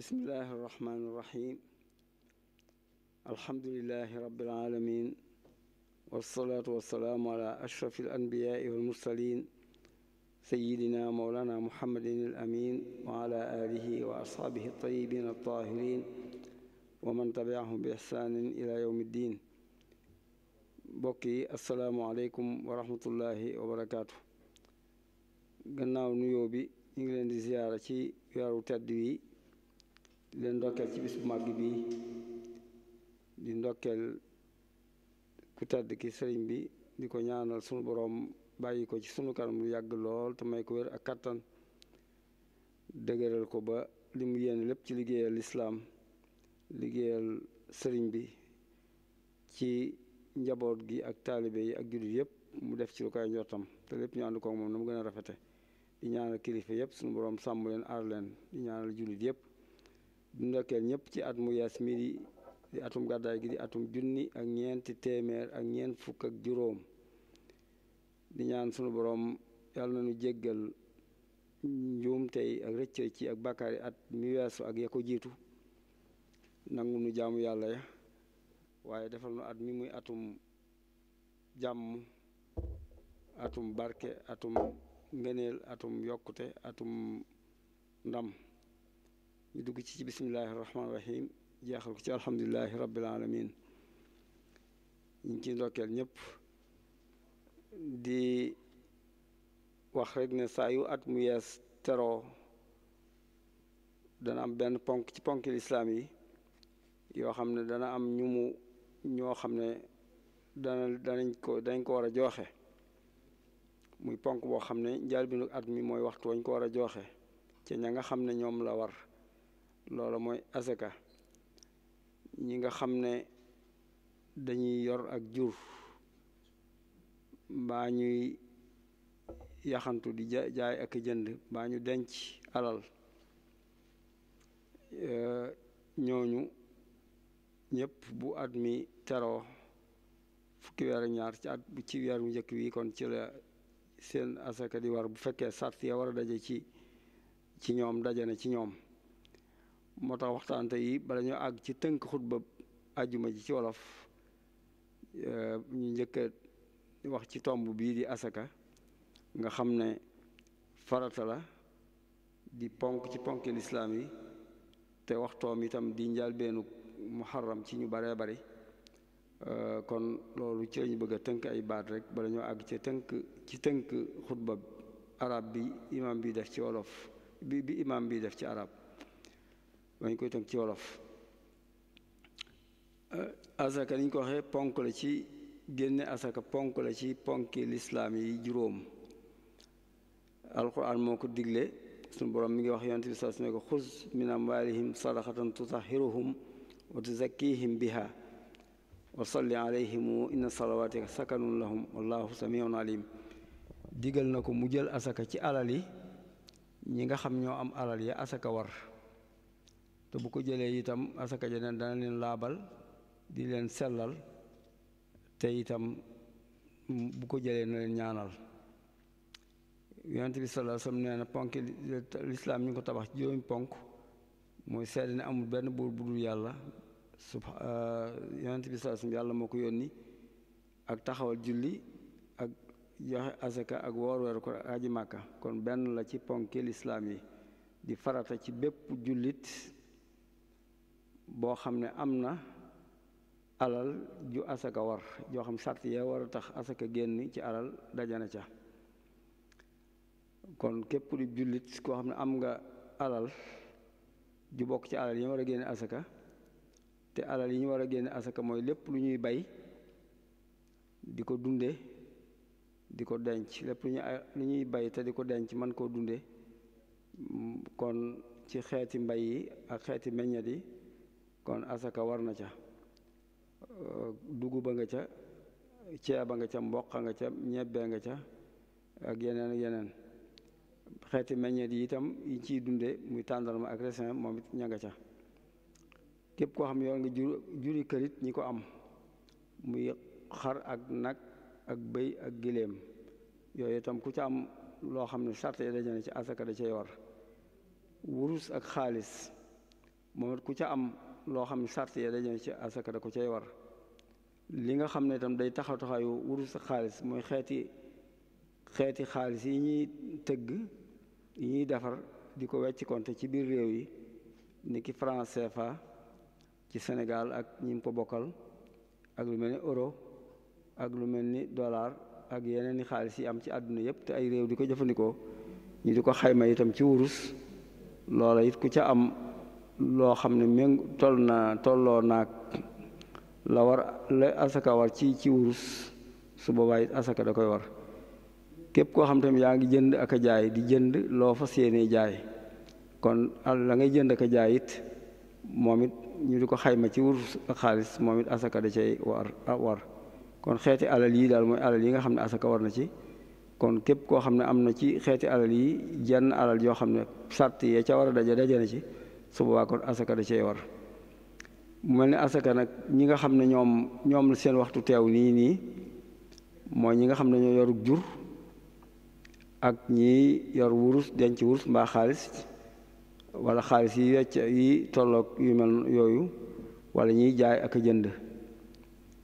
bismillahi irrahmaani irrahim alhamdulilahi rabilalamin walsalaatu wassalaamu ala ashrafi alanbiyaai walmursalin sayidina mawlana muhammadin alamin wa ala alihi wa ashaabihi altayibin altahirin wa man tabiahum bi ixsaanin ila yowm ddin mbokk yi asalaamualeykum wa rahmatullahi wa barakaatu gannaaw nuyoo bi ñu ngi leen di ziyaara ci weeru tedd wi di leen ndokkeel ci bis bu màgg bi di ndokkeel ku tedd ki sëriñ bi di ko ñaanal sunu boroom bàyyi ko ci sunu kanam lu yàgg lool te may ko wér ak kattan dëgëral ko ba li mu yéene lépp ci liggéeyal lislaam liggéeyal sëriñ bi ci njaboot gi ak taalibe yi ak jullit yëpp mu def ci lu koy njortam te lépp ñu ànd koog moom na mu gën a rafete di ñaanal kilifa yëpp sunu boroom sàmm leen aar di ñaanal jullit yëpp ndokkeel ñëpp ci at mu yees mi di atum gàddaay gi di atum junni ak ñeenti téeméer ak ñeent fukk ak juróom di ñaan sunu borom yàlla na nu jéggal njuum ak rëcc ci ak bàkkaari at mi weesu ak ya jiitu nangu nu jaamu yàlla ya waaye defal nu at mi muy atum jàmm atum barke atum ngëneel atum yokkute atum ndam ñu dugg ci ci bisimillahi rahmaani rahim jeexal ko ci alhamdulilahi rabbil alamin ñu ngi ciy ndokkeel ñëpp di wax rek ne saa yu at mu yees teroo dana am benn ponk ci ponk lislaam yi yoo xam ne dana am ñu mu ñoo xam ne dana danañ ko dañ ko war a jooxe muy ponk boo xam ne njaal bi njalbinu at mi mooy waxtu wañ ko war a jooxe ca ña nga xam ne ñoom la war loolu mooy aseka ñi nga xam ne dañuy yor ak jur mbaa ñuy yaxantu di jaay ak jënd baa ñu denc alal eh, ñooñu ñëpp bu at mi tero fukki weer ak ñaar ci at ci weer mu njëkk wi kon ci la seen asaka di war bu fekkee sart ya war a daje ci ci ñoom daje na ci ñoom moo tax waxtaan tey yi bala ñoo àgg ci tënk xutba ajjuma ji ci wolof eh, ñu njëkk a wax ci tomb bii di asaka nga xam ne farata di ponk ci ponk lislaam yi te waxtoom itam di njaal beenu muharram ci ñu baree bari eh, kon loolu ci lañu bëgg a tënk ay baat rek bala ñoo àgg ci tënk ci tënk xutba arab bi imam bii def ci wolof bi bi imam bi def ci arab dañ koy tënk ci wolof eh, asaka liñ ko waxee ponk la ci génne asaka ponk la ci ponki lislaam yi juróom alquran moo ko digle suñu borom mi ngi wax yonent bi saa ko xuz min amwalihim sadaqatan tutahiruhum wa tuzakkihim biha wa salli alayhim inna salawaatika sakanun lahum wallahu alim digal na ko mu jël asaka ci alal yi ñi nga xam ñoo am alal ya asaka war te bu ko jëlee itam asaka ja neen dana leen laabal di leen sellal te itam bu ko jëlee na leen ñaanal yonent bi sallallahu alayhi wasallam nee na ponk lislaam ñu ngi ko tabax juróomi ponk mooy seede ne amul benn buur bu dul yàlla subha euh, yonent bi sallallahu yàlla moo ko yónni ak taxawal julli ak joxe asaka ak woor weeru ko aji màkka kon benn la ci ponk lislaam yi di farata ci bépp jullit boo xam ne am na alal ju asaka war joo xam sart ya war a tax asaka génn ci alal dajana ca kon képp di jullit koo xam ne am nga alal ju bokk ci alal yi ñu war a génne asaka te alal yi ñu war a génne asaka mooy lépp lu ñuy bay di ko dundee di ko denc lépp lu ñuy ñuy bay te di ko denc man koo dundee kon ci xeeti mbay yi ak xeeti meññat yi kon asaka war na ca uh, duguba nga ca ceeba nga ca mboq a nga ca ñebbe nga ca ak yeneen ak yeneen xeeti meññeet yi itam yi ciy dunde muy tàndarma ak raisin moom it ña nga ca képp koo xam yoon nga jur juri kërit ñi ko am muy xar ak nag ak bëy ak giléem yooyu itam ku ca am loo xam ne sart yi dajane ci asaka da cay war wurus ak xaalis moom it ku ca am loo xam ne sart da dañoo ci asaka da ko cay war li nga xam ne itam day taxaw taxaayu wurus xaalis mooy xeeti xeeti xaalis yi ñuy tëgg yi ñuy defar di ko wecc konte ci biir réew yi ni ki franc CFA ci senegal ak ñi ko bokkal ak lu mel ni euro ak lu mel ni dollar ak yeneen i xaalis yi am ci àdduna yëpp te ay réew di ko jëfandikoo ñu di ko xayma itam ci wurus loola it ku ca am loo xam ne méngu toll naa tolloo naag la war la asaka war ci ci wurus su boobaa asaka da koy war képp koo xam tamit yaa ngi jënd ak a jaay di jënd loo fa yéenee jaay kon la ngay jënd ak jaay it moom it ñu di ko xayma ci wurus ak xaalis moom it asaka da cay war war kon xeeti alal yi daal mooy alal yi nga xam ne asaka war na ci kon képp koo xam ne am na ci xeeti alal yi jenn alal yoo xam ne sart yee ca war a daje daje na ci su boobaa kon asaka da cee war mu mel ne asaka nag ñi nga xam ne ñoom ñoom seen waxtu teew nii nii mooy ñi nga xam ne ñoo yorug jur ak ñi yor wurus denc wurus mbaa xaalis wala xaalis yi wecc yi tolloog yu mel yooyu wala ñiy jaay ak a jënd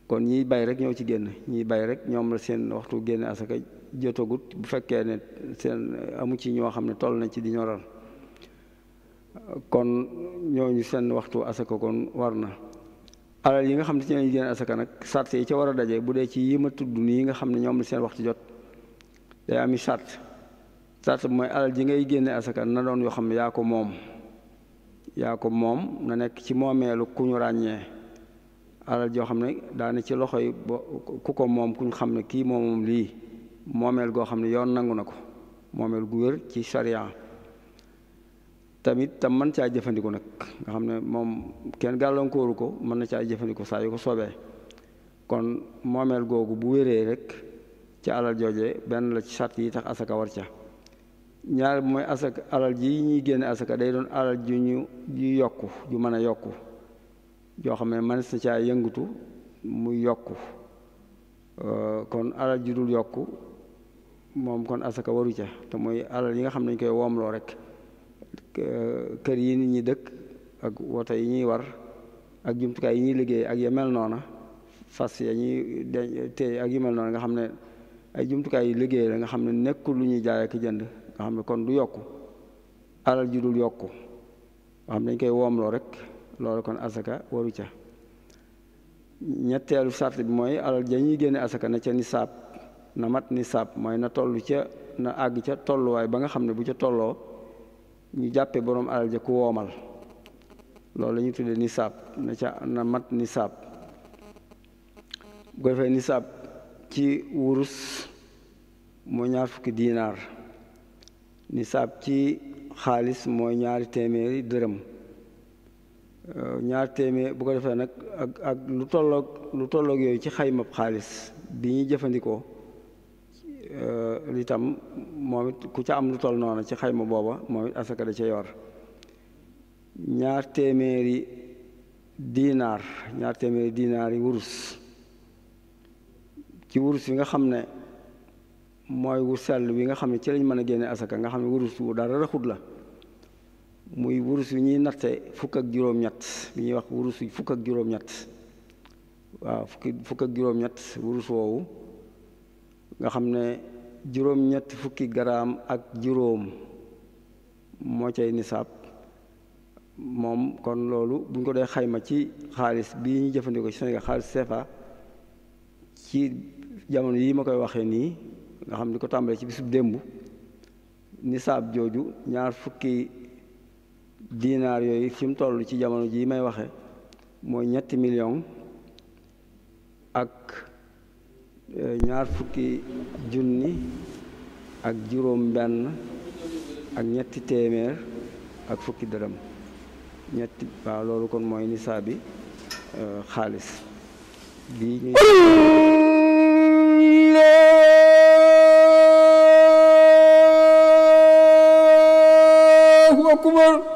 kon ñiy bay rek ñoo ci génn ñiy bay rek ñoom la seen waxtu génn asaka jotagut bu fekkee ne seen amu ci ñoo xam ne toll nañ ci di ñoral kon ñooñu seen waxtu asaka kon war na alal yi nga xam ne ci lañuy génn asaka nag sart yi ca war a daje bu dee ci yi ma tudd nii nga xam ne ñoom la seen waxtu jot day ami sart sart mooy alal ji ngay génne asaka na doon yoo xam ne yaa ko moom yaa ko moom na nekk ci moomeelu ku ñu ràññee alal joo xam ne daane ci loxo yi ku ko moom ku xam ne kii moom lii moomeel goo xam ne yoon nangu na ko moomeel gu wér ci sariya tamit tam mën caa jëfandiku nag nga xam ne moom kenn gàllankooru ko mën na caa jëfandiku saa yu ko soobee kon moomeel googu bu wéree rek ci alal jooje benn la ci sart yi tax asaka war ca ñaar mooy asaka alal ji ñuy génne asaka day doon alal ju ñu ju yokku ju mën a yokku yoo xam ne mënees na caa yëngatu muy yokku kon alal ju dul yokku moom kon asaka waru ca te mooy alal yi nga xam ne dañ koy woomloo rek Euh, kër yi nit ñi dëkk ak woto yi ñuy war ak jumtukaay yi ñuy liggéey ak ya mel noona fas ya ñuy téye ak yu mel noona nga xam ne ay jumtukaay yu liggéey la nga xam ne nekkul lu ñuy jaay ak jënd nga xam ne kon du yokk alal ji dul yokku nga xam dañ koy woomloo rek loolu kon asaka waru ca ñetteelu sart bi mooy alal ja ñuy génne asaka na ca nisaab na mat ni nisaab mooy na toll ca na àgg ca tolluwaay ba nga xam ne bu ca tolloo ñu jàppee borom alal ja ku woomal loolu la ñuy tuddee nisaab na ca na mat nisaab bu ko defee nisaab ci wurus mooy ñaar fukki diinaar nisaab ci xaalis mooy ñaari téeméeri dërëm euh, ñaar téeméer bu ko defee nag ak lu tolloog lu tolloog yooyu ci xaymab xaalis bi ñuy jëfandikoo Euh, itam moom it ku ca am lu toll noonu ci xayma booba moom it asaka da ca yor ñaar téeméeri dinaar ñaar téeméeri diinaar yi wurus ci wurus yi nga xam ne mooy wu sell bi nga xam ne ci lañ mën a génne asaka nga xam ne wurus wu dara raxut la muy wurus wi ñuy natte fukk ak juróom-ñett bi ñuy wax wurus wi waaw fukk fukk ak juróom-ñett wurus woowu nga xam ne juróom ñetti fukki garaam ak juróom moo cay nisaab moom kon loolu buñ ko dee xayma ci xaalis bii ñu jëfandikoo ci Sénégal xaalis CFA ci jamono yi ma koy waxee nii nga xam ni ko tàmbalee ci bisub démb nisaab jooju ñaar fukki dinaar yooyu fi mu toll ci jamono ji may waxe mooy ñetti million ak ñaar fukki junni ak juróom benn ak ñetti téeméer ak fukki dërëm ñetti waaw loolu kon mooy nisaa bi euh, xaalis bi ñuy akbar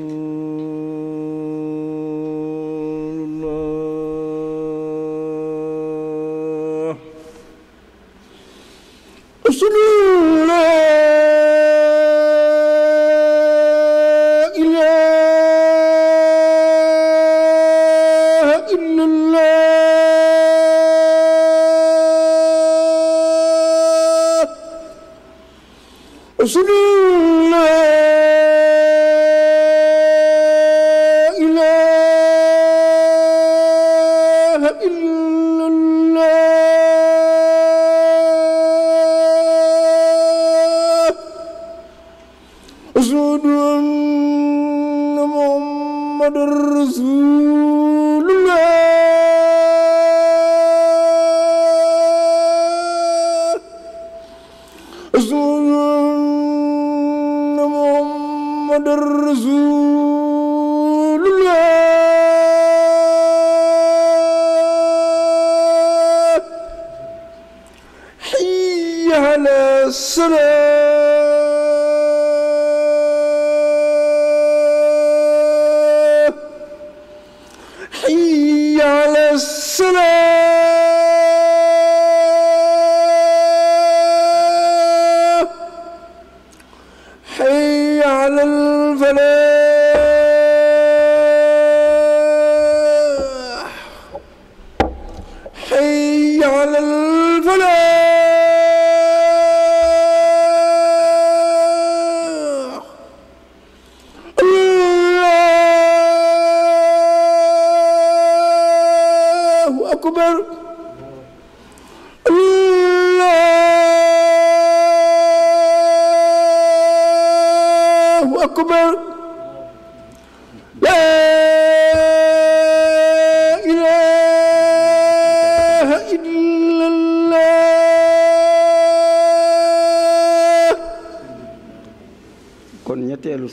رسول محمد رسول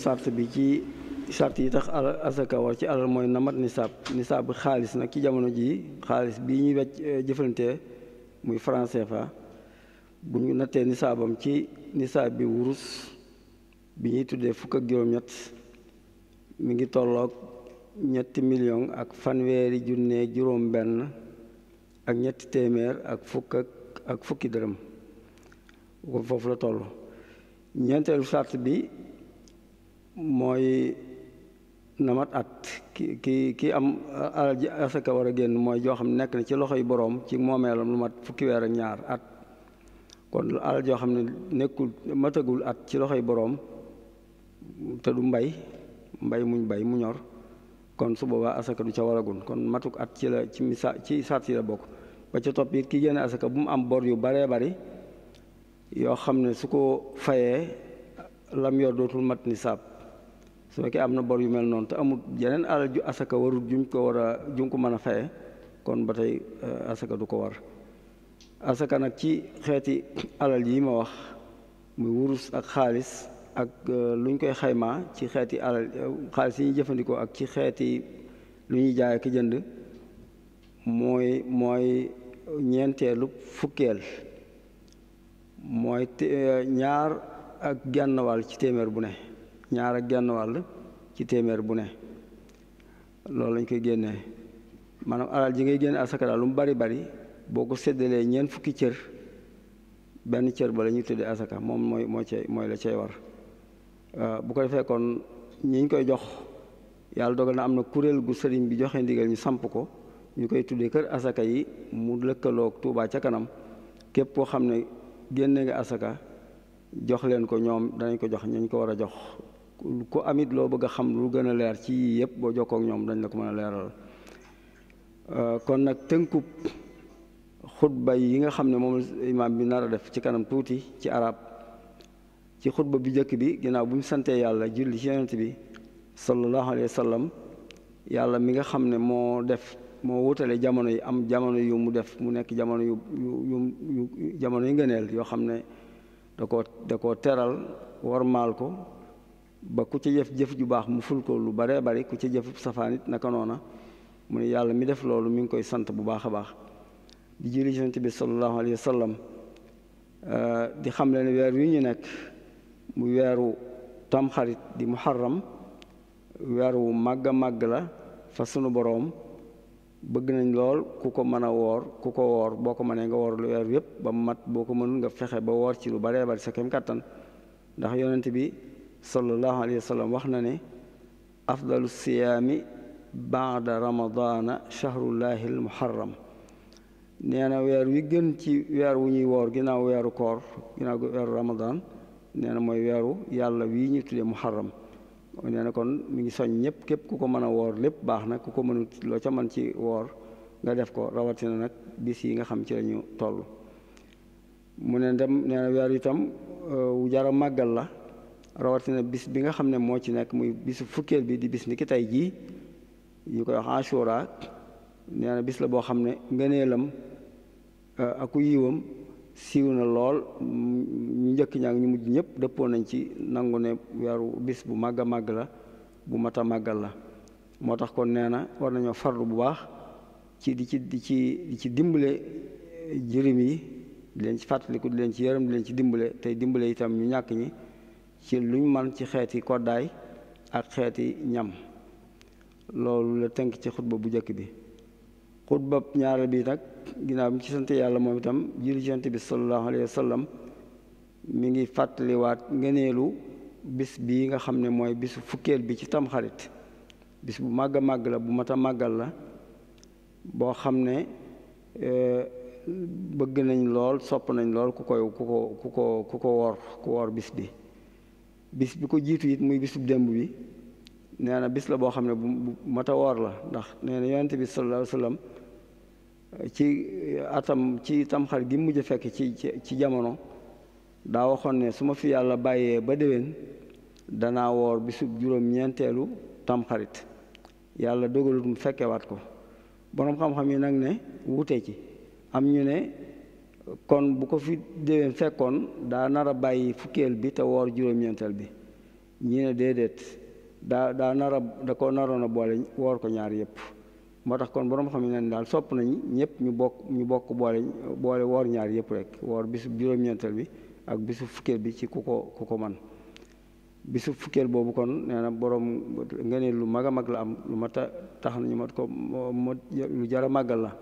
charte bi ci charte yi tax asaka war ci alal mooy namat nisaab nisaab xaalis nag ci jamono ji xaalis bi ñuy wecc eh, jëfalantee muy franc fa bu ñu nattee nisaabam ci nisaab bi wurus bi ñuy tuddee fukk ak juróom-ñett mi ngi tolloog ñetti million ak fanweeri junnee juróom benn ak ñetti téeméer ak fukk ak fukki dërëm foofu la toll ñeenteelu charte bi mooy na mat at ki ki am alal ji asaka war a génn mooy joo xam ne nekk na ci loxo yi boroom ci moomeelam lu mat fukki weer ak ñaar at kon alal joo xam ne nekkul matagul at ci loxo yi boroom te du mbay mbay muñ bay mu ñor kon su boobaa asaka du ca waragun kon matuk at ci la ci misa ci saat yi la bokk ba ca topp it ki génne asaka bu mu am bor yu baree bari yoo xam ne su ko fayee lam dootul mat nisaab su fekkee am na bor yu mel noonu te amul yeneen alal ju asaka warul juñ ko war a juñ ko mën a faye kon ba tey euh, asaka du ko war asaka nag ci xeeti alal yi ma wax muy wurus ak xaalis ak euh, lu ñu koy xaymaa ci xeeti alal euh, xaalis yi ñuy jëfandikoo ak ci xeeti lu ñuy jaay ak jënd mooy mooy ñeenteelu fukkeel mooy ñaar ak genn wàll ci téeméer bu ne ñaar ak genn wàll ci téeméer bu ne loolu lañ koy génne maanaam alal ji ngay génne asaka daal lu mu bari bari boo ko séddalee ñeent fukki cër benn cër ba la ñuy asaka moom mooy moo cay mooy la cay war euh, bu ko defee kon ñiñ koy jox yàlla dogal na am na kuréel gu sëriñ bi joxe ndigal ñu samp ko ñu koy tuddee kër asaka yi mu lëkkaloog Tuubaa ca kanam képp koo xam ne génne nga asaka jox leen ko ñoom danañ ko jox ñañ ko war a jox ku amit loo bëgg a xam lu gën a leer ci yii yëpp boo jokkoo ak ñoom dañ la ko mën a leeral euh, kon nag tënkub xutba yi nga xam ne moom imaam bi nar a def ci kanam tuuti ci arab ci xutba bu njëkk bi ginnaaw bu mu santee yàlla julli ci yonent bi sallallahu alayhi wa yàlla mi nga xam ne moo def moo wutale jamono yi am jamono yu mu def mu nekk jamono yu yu yu jamono yu ngëneel yoo xam ne da koo da koo teral wormaal ko ba ku ci jëf jëf ju baax mu ful ko lu baree bari ku ci jëf safaan it naka noona mu ne yàlla mi def loolu mi ngi koy sant bu baax a baax di julli Yonent bi sallallahu alayhi wa sallam eh, di xam leen weer wi ñu nekk mu weeru tamxarit di muharram weer wu màgg a màgg la fa sunu boroom bëgg nañ lool ku ko mën a woor ku ko woor boo ko mënee nga woor lu weer yépp ba mat boo ko mënul nga fexe ba woor ci lu baree bari sa kem kàttan ndax yonent bi sallallahu alayhi wa wax na ne afdalu siyaami baada ramadaana shahrullahi almuharram nee na weer wi gën ci weer wu ñuy woor ginnaaw weeru koor ginnaaw weeru ramadaan nee na mooy weeru yàlla wi ñu tuddee muharram nee na kon mu ngi soñ ñëpp képp ku ko mën a woor lépp baax na ku ko mënut loo ca mën ci woor nga def ko rawatina nag bis yi nga xam ci lañu toll mu ne dem nee weer itam euh, wu jara màggal la rawatina bis bi nga xam ne moo ci nekk muy bisu fukkeel bi di bis ni ki tey jii ñu koy wax Ashura nee na bis la boo xam ne ngëneelam eh, ak ku yiwam siiw na lool ñu njëkk ñaa ngi ñu mujj ñëpp dëppoo nañ ci nangu ne weeru bis bu màgg a màgg la bu mat a màggal la moo tax kon nee na war nañoo farlu bu baax ci di ci di ci di ci dimbale jërim yi di leen ci fàttaliku di leen ci yërëm di leen ci dimbale tey dimbale itam ñu ñàkk ñi ci luñ man ci xeeti koddaay ak xeeti ñam loolu la tënk ci xutba bu njëkk bi xutba ñaareel bi nag ginnaaw bi ci sant yàlla moom itam jiri sant bi sallallahu alayhi wa sallam ngi fàttaliwaat ngëneelu bis bii nga xam ne mooy bisu fukkeel bi ci tamxarit bis bu màgg a màgg la bu mat a màggal la boo xam ne e, bëgg nañ lool sopp nañ lool ku koy ku ko ku ko ku ko woor bis bi bis bi ko jiitu it muy bisub démb bi nee na bis la boo xam ne bu mata woor la ndax nee na yonente bi sallallahu alayhi wasallam ci atam ci tamxar gi mujj fekk ci ci jamono daa waxoon ne su ma fi yàlla bàyyee ba dewen danaa woor bisub juróom-ñeenteelu tamxarit yàlla dogalut mu fekkewaat ko boroom xam-xam yi nag ne wute ci am ñu ne kon bu ko fi déwén fekkoon daa nar a bàyyi fukkeel bi te woor juróom-ñeenteel bi ñi ne déedéet daa daa nar a da ko naroon a boole woor ko ñaar yëpp moo tax kon boroom xam ne daal sopp nañ ñëpp ñu bokk ñu bokk boole boole woor ñaar yëpp rek woor bisu juróom-ñeenteel bi ak bisu fukkeel bi ci ku ko ku ko man bisu fukkeel boobu kon nee na borom nga ne lu mag a mag la am lu mat a tax nañu mat ko lu jar màggal la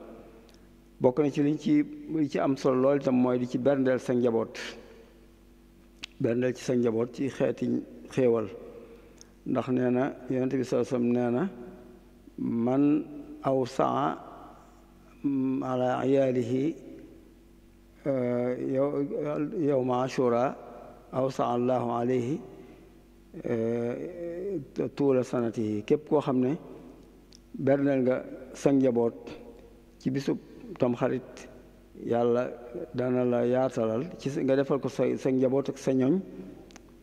bokk na ci liñ ci li ci am solo lool itam mooy di ci berndeel sa njaboot berndeel ci sa njaboot ci xeeti xéewal ndax nee na yonent bi sallallahu alayhi wasallam nee na man aw saa mm, ala iyaalihi eh, yow yowma ashura aw saa allahu alayhi eh, tuula sanatihi képp koo xam ne berndeel nga sa njaboot ci bisu tamxarit yàlla dana la yaatalal ci nga defal ko sa sa njaboot ak sa ñoñ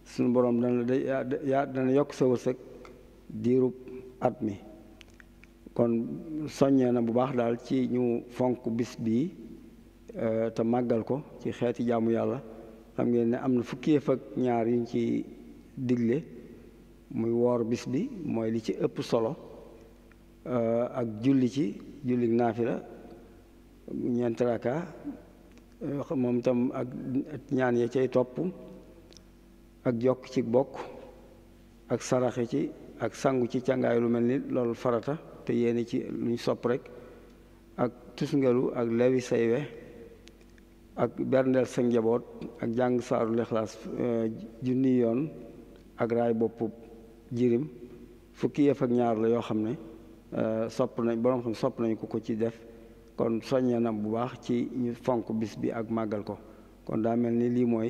suñu borom dana la dana yokk sa wërsëg diirub at mi kon soññee na bu baax daal ci ñu fonk bis bii euh, te màggal ko ci xeeti jaamu yàlla xam ngeen ne am na fukki yëf ak ñaar yuñ ci digle muy woor bis bi mooy li ci ëpp solo euh, ak julli ci julli naafi la ñeenti rakka euh, moom tam ak ñaan ya cay topp ak jokk ci bokk ak saraxe ci ak sangu ci càngaay lu mel ni loolu farata te yéene ci luñ sopp rek ak tusngalu ak lewi say we ak berndeel sa njaboot ak jàng saaru lexlaas euh, junni yoon ak raay boppu jirim fukki yëf ak ñaar la yoo xam ne euh, sopp nañ borom sopp nañ ko ko ci def kon soññe na bu baax ci ñu fonk bis bi ak màggal ko kon daa mel ni lii mooy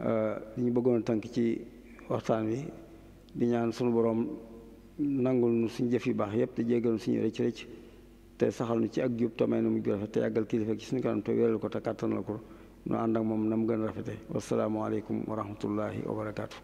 euh, li ñu bëggoon a ci waxtaan wi di ñaan sunu borom nangul nu suñu jëf yu baax yëpp te jéggal nu suñu rëcc rëcc te saxal nu ci ak jub te may na mu rafet te yàggal kilifa ci suñu kanam te wéral ko te kàttanal ko nu ànd ak moom na mu gën a rafete wasalaamaaleykum wa rahmatullahi wa barakaatu.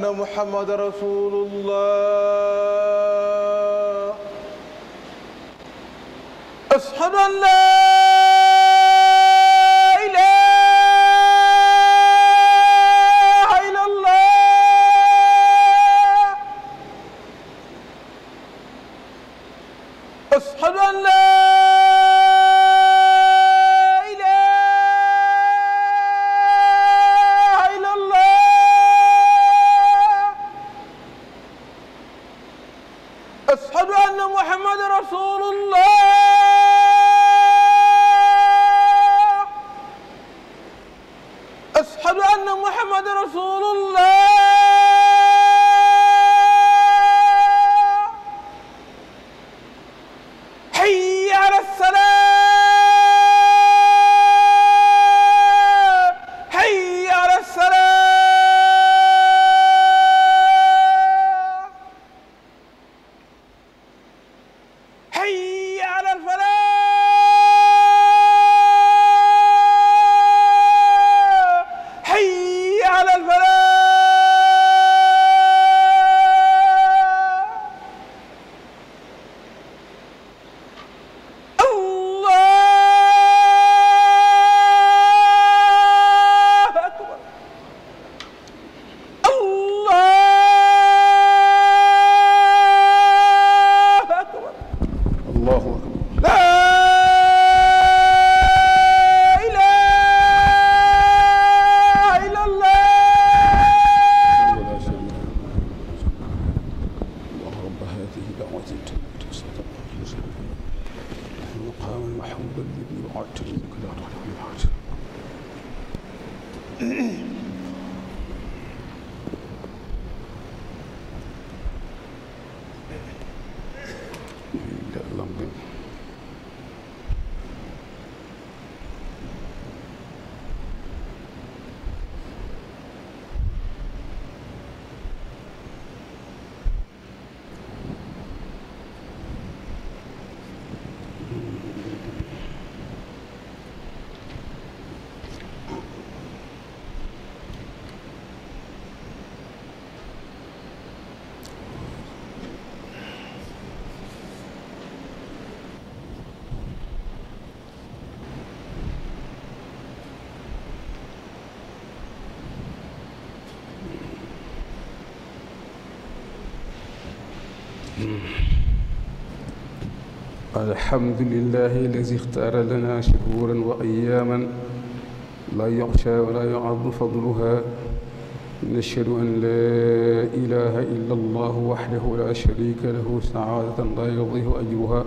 anna muhammadan rasulullah 我到你回家去。alhamdulillahi alladi ixtaara lana shuhuuran wa ayyaaman laa yuxshaa wa laa yu'addu fadluhaa nashhadu an laa ilaaha illa allahu waxdahu laa shariika lahu sacaadatan laa yadii'u ajruhaa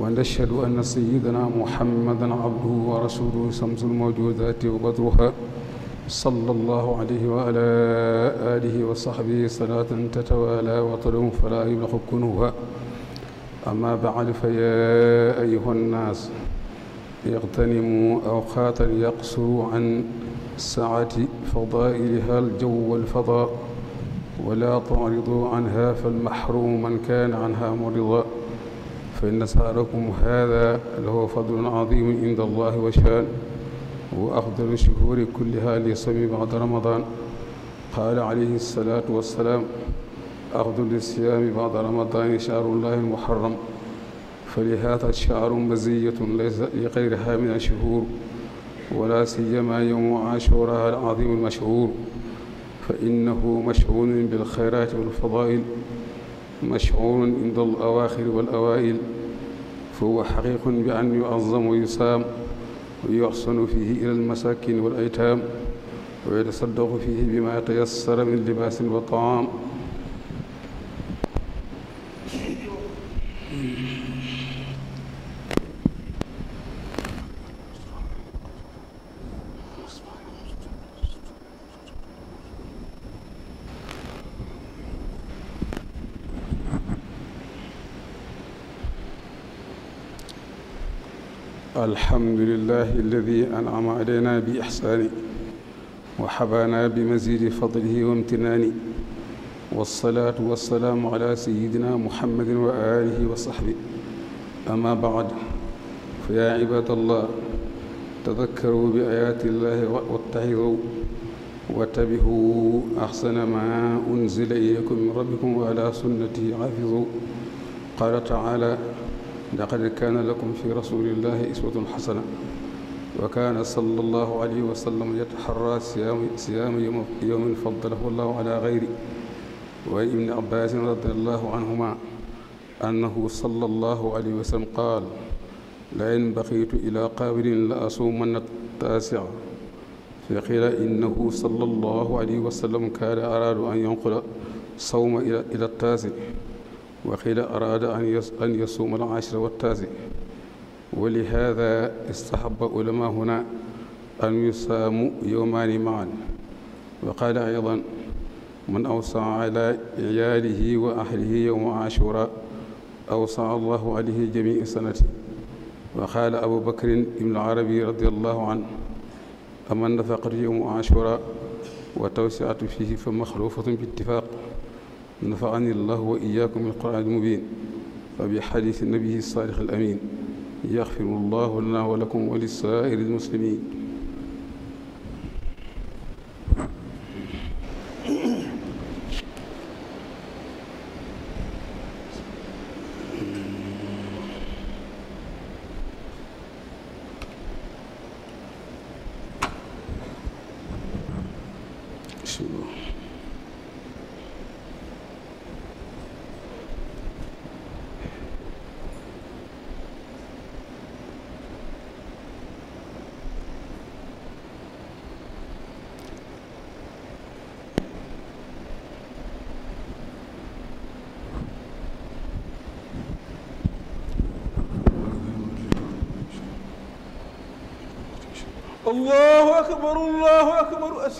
wa nashhadu anna sayyidana muhammadan abduhu wa rasuluhu samsul mawjuudaati wa badruhaa sallallahu alayhi wa alaa aalihi wa saxbihi salaatan tatawaalaa wa tadum falaa yublaqu kunuuhaa أما بعد فيا أيها الناس اغتنموا أوقاتا يقصروا عن سعة فضائلها الجو والفضاء ولا تعرضوا عنها فالمحروم من كان عنها مرضا فإن سعركم هذا له فضل عظيم عند الله وشان وأفضل الشهور كلها لصوم بعد رمضان قال عليه الصلاة والسلام أخذ للصيام بعد رمضان شهر الله المحرم فلهذا الشهر مزية ليس لغيرها من الشهور ولا سيما يوم عاشوراء العظيم المشهور فإنه مشعون بالخيرات والفضائل مشعور عند الأواخر والأوائل فهو حقيق بأن يعظم ويسام ويحسن فيه إلى المساكين والأيتام ويتصدق فيه بما تيسر من لباس وطعام الحمد لله الذي أنعم علينا بإحسانه وحبانا بمزيد فضله وامتنانه والصلاة والسلام على سيدنا محمد وآله وصحبه أما بعد فيا عباد الله تذكروا بآيات الله واتعظوا واتبعوا أحسن ما أنزل إليكم من ربكم وعلى سنته حافظوا قال تعالى laqad kaana lakum fi rasulillahi iswatun xasana wa kaana sallallahu alayhi wa sallam yataxarra siyaama yowmin faddalahu allahu ala gayri wa an ibni abbasin radiallahu anhuma annahu sallallahu alayhi wa sallam qaal la in baqiitu ila qaabilin la asuumanna taasia fa qiila innahu sallallahu alayhi wa sallam kaana araadu an yanqula sawma ila taasi وقيل أراد أن يصوم العاشر والتاسع ولهذا استحب علماء هنا أن يصام يومان معا وقال أيضا من أوصى على عياله وأهله يوم عاشوراء أوصى الله عليه جميع سنته وقال أبو بكر بن العربي رضي الله عنه أما النفقة يوم عاشوراء وتوسعة فيه فمخلوفة باتفاق نفعني الله وإياكم بالقرآن المبين فبحديث النبي الصالح الأمين يغفر الله لنا ولكم وللسائر المسلمين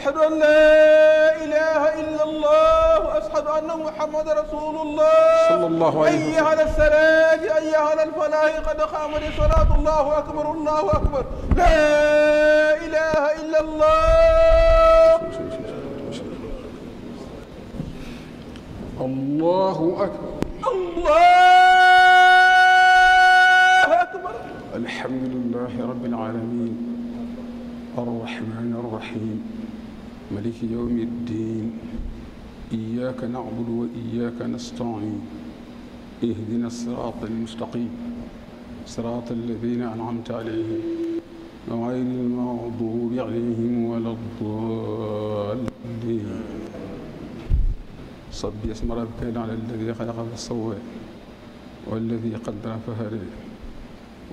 أشهد أن لا إله إلا الله وأشهد أن محمد رسول الله صلى الله عليه وسلم أي على السراج أي على الفلاح قد قامت الصلاة الله أكبر الله أكبر لا إله إلا الله الله أكبر مالك يوم الدين إياك نعبد وإياك نستعين اهدنا الصراط المستقيم صراط الذين أنعمت عليهم غير المغضوب عليهم ولا الضالين صب اسم ربك على الذي خلق فسوى والذي قدر فهدى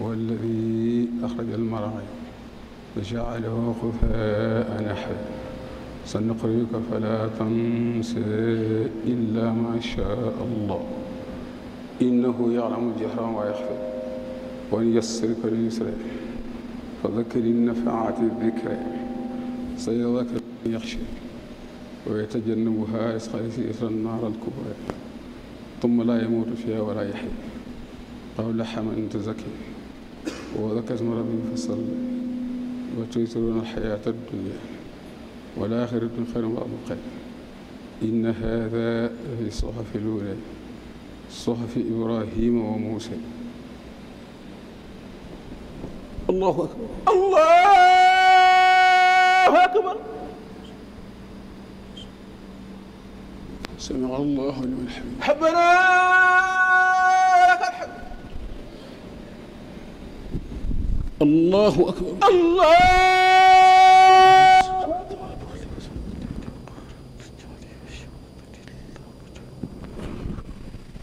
والذي أخرج المرعى فجعله خفاء نحل سنقرئك فلا تنسى إلا ما شاء الله إنه يعلم الجهر وما يخفى وليسرك لليسرى فذكر النفعة الذكرى سيذكر من يخشى ويتجنبها يسقى النار الكبرى ثم لا يموت فيها ولا يحيى قول حمل تزكي وذكر اسم ربي فصلى وتؤثرون الحياة الدنيا wal aaxiratu xayrun wa abqaa inna haadaa fi suxafi l-uulaa suxafi Ibraahiima wa Muusaa Allaahu akbar Allaahu akbar sami'a Allaahu liman hamidah rabbanaa lakal hamd Allaahu akbar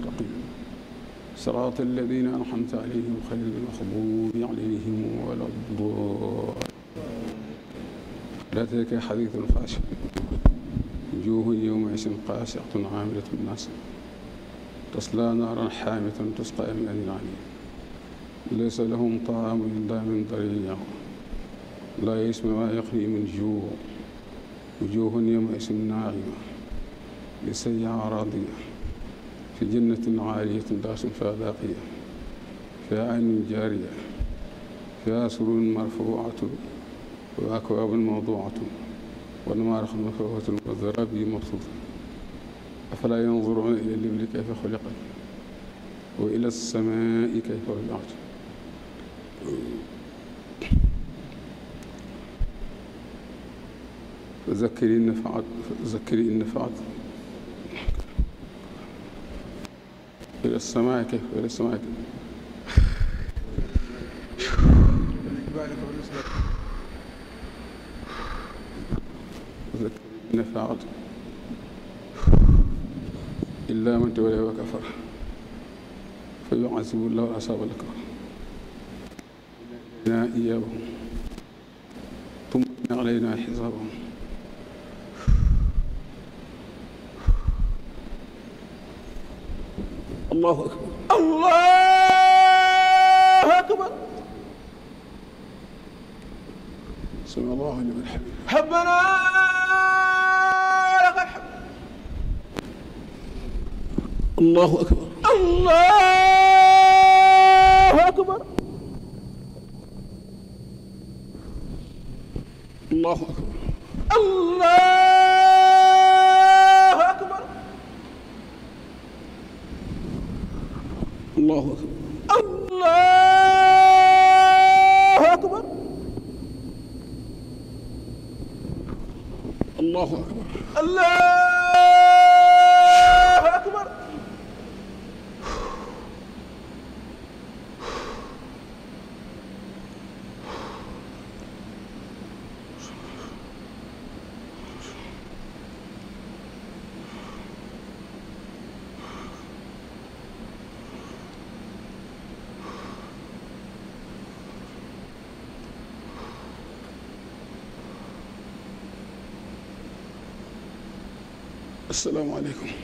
المستقيم صراط الذين أنعمت عليهم خير المغضوب عليهم ولا الضالين لا تلك حديث الخاشع وجوه يومئذ قاسعة عاملة ناصبة تصلى نارا حامية تسقى من آن عميم ليس لهم طعام إلا من ضريع لا يسمع يغني من جوع وجوه يومئذ ناعمة لسيها راضية fi jannatin aaliyatin raasun fa baaqiya fi aynin jaariya fiha sururun marfuatun wa akwaabun mawduatun wa namaariqu maffuufatun wa zaraabiyu mabsuutatun afalaa yanzuruuna ila libli kayfa xuliqat wa ila samaai kayfa rufiat fa zakkir in nafaat إلى السماء كيف إلى السماء كيف نفعت إلا من تولى وكفر فيعذب الله العذاب الأكبر إلينا إيابهم ثم علينا حسابهم allahu akbar allahu akbar sami allahu liman hamid rabbana lakal hamd allahu akbar allah asalaamaaleykum